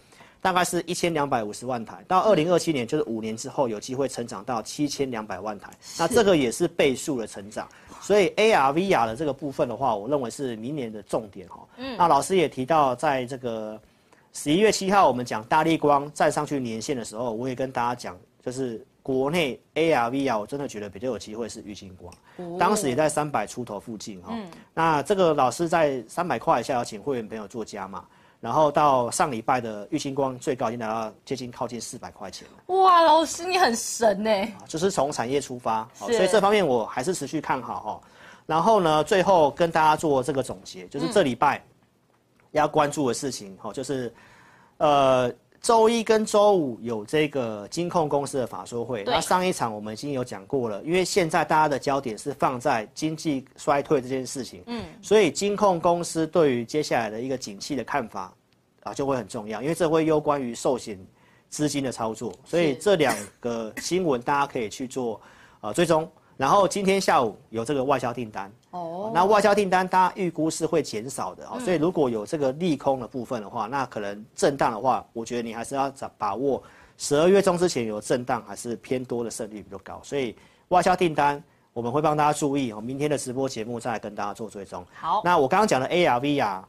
大概是一千兩百五十萬台，到二零二七年就是五年之後有機會成長到七千兩百萬台，那這個也是倍數的成長。所以 A R V R 的這個部分的話，我認為是明年的重點哈、嗯。那老師也提到，在這個十一月七號我們講大立光站上去年線的時候，我也跟大家講，就是國內 A R V R 我真的覺得比較有機會是玉晶光、嗯，當時也在三百出頭附近哈、嗯。那這個老師在三百塊以下有請會員朋友做加碼？然後到上禮拜的玉晶光最高已經達到接近靠近四百塊錢了哇，老師你很神哎！就是從產業出發，所以這方面我還是持續看好哦。然後呢，最後跟大家做這個總結，就是這禮拜要關注的事情哦、嗯，就是呃。週一跟週五有這個金控公司的法說會，那上一場我們已經有講過了，因為現在大家的焦點是放在經濟衰退這件事情，嗯，所以金控公司對於接下來的一個景氣的看法，啊，就會很重要，因為這會攸關於壽險資金的操作，所以這兩個新聞大家可以去做，啊，最終，然後今天下午有這個外銷訂單。哦、oh,，那外銷訂單，它預估是會減少的啊、嗯，所以如果有這個利空的部分的話，那可能震盪的話，我覺得你還是要把握十二月中之前有震盪，還是偏多的勝率比較高。所以外銷訂單我們會幫大家注意哦，明天的直播節目再來跟大家做追蹤。好，那我剛剛講的 ARVR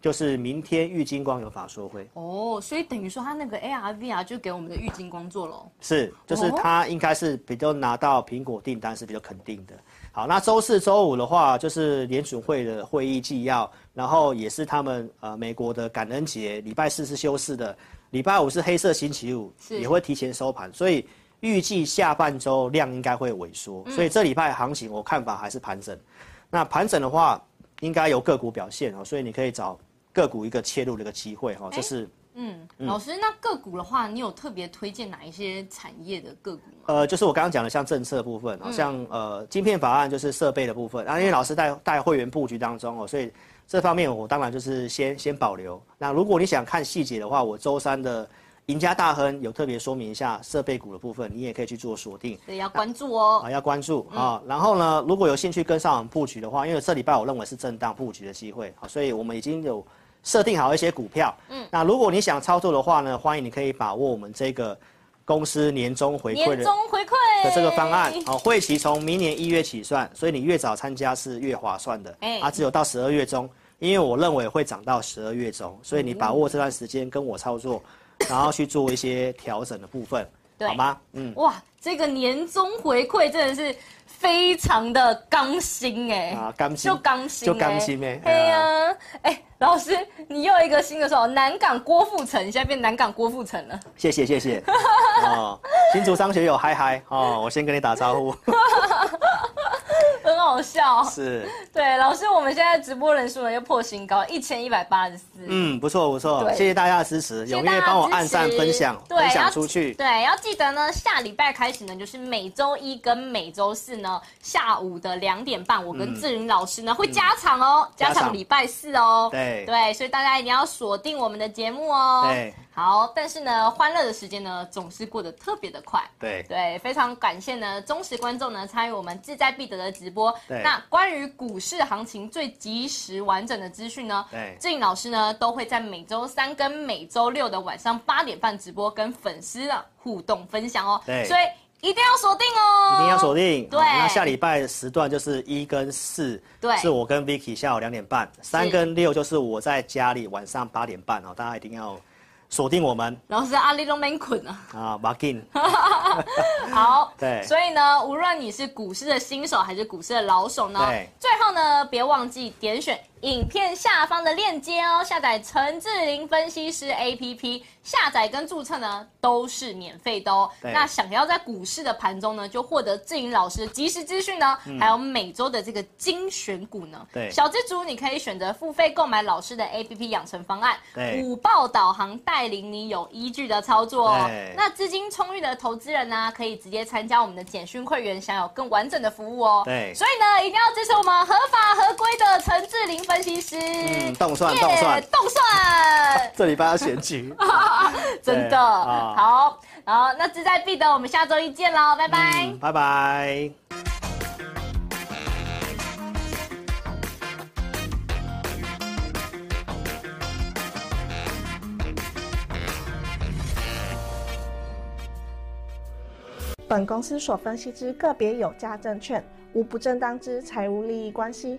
就是明天玉晶光有法說會哦，oh, 所以等於說他那個 ARVR 就給我們的玉晶光做咯。是，就是他應該是、oh. 比較拿到蘋果訂單是比較肯定的。好，那週四、週五的話，就是聯準會的會議紀要，然後也是他們呃美國的感恩節，禮拜四是休市的，禮拜五是黑色星期五，也會提前收盤，所以預計下半周量應該會萎縮，所以這禮拜行情我看法還是盤整。嗯、那盤整的話，應該由個股表現，所以你可以找個股一個切入的一個機會哈，這是。嗯，老師，那個股的話，嗯、你有特別推薦哪一些產業的個股嗎？呃，就是我剛剛講的，像政策部分，好、嗯、像呃晶片法案，就是設備的部分。然、啊、後因為老師在在會員布局當中哦，所以這方面我當然就是先先保留。那如果你想看細節的話，我周三的贏家大亨有特別說明一下設備股的部分，你也可以去做鎖定。對，要關注哦。啊，啊要關注啊、嗯。然後呢，如果有興趣跟上我們布局的話，因為這禮拜我認為是震盪布局的機會，好，所以我們已經有設定好一些股票，嗯，那如果你想操作的話呢，歡迎你可以把握我們這個公司年終回饋的年終回饋的這個方案。好、哦，會期從明年一月起算，所以你越早參加是越划算的。嗯、欸，啊，只有到十二月中，因為我認為會漲到十二月中，所以你把握這段時間跟我操作嗯嗯，然後去做一些調整的部分， 對，好嗎？嗯，哇，這個年終回饋真的是。非常的剛心哎、欸，就、啊、剛心，就剛心哎、欸欸，哎呀，哎、啊欸，老師，你又一個新的時候南港郭富城，你現在變南港郭富城了，謝謝謝謝， 哦，新竹張學友 嗨嗨哦，我先跟你打招呼。 很好笑，是，對，老師，我們現在直播人數呢又破新高，一千一百八十四，嗯，不錯不錯，謝謝大家的支持，有沒有幫我按讚分享，對，分享出去，對，要記得呢，下禮拜開始呢，就是每周一跟每周四呢，下午的兩點半，我跟志云老師呢、嗯、會加場哦，嗯、加場禮拜四哦，對對，所以大家一定要鎖定我們的節目哦。對好，但是呢，歡樂的時間呢總是過得特別的快。對對，非常感謝呢，忠實觀眾呢參與我們志在必得的直播。對，那關於股市行情最及時完整的資訊呢，對，志穎老師呢都會在每周三跟每周六的晚上八點半直播跟粉絲的互動分享哦。對，所以一定要鎖定哦，一定要鎖定。對，那下禮拜的時段就是一跟四，對，是我跟 Vicky 下午兩點半，三跟六就是我在家裡晚上八點半哦，大家一定要。鎖定我們，然後是阿里龍門群啊，啊，馬金，啊、 好，對，所以呢，無論你是股市的新手還是股市的老手呢，最後呢，別忘記點選，影片下方的鏈接哦，下載陳志玲分析師 A P P，下載跟註冊呢都是免費的哦。那想要在股市的盤中呢，就獲得志玲老師的即時資訊呢，嗯，還有每週的這個精選股呢。對，小資族你可以選擇付費購買老師的 A P P 養成方案，五報導航帶領你有依據的操作哦。對，那資金充裕的投資人呢，啊，可以直接參加我們的簡訊會員，享有更完整的服務哦。對，所以呢，一定要支持我們合法合規的陳志玲。分析師，嗯、凍蒜，凍蒜，yeah, 凍蒜。 這禮拜要選舉。 真的好，好，那志在必得，我們下周一見嘍、嗯，拜拜，拜拜。本公司所分析之個別有價證券，無不正當之財務利益關係。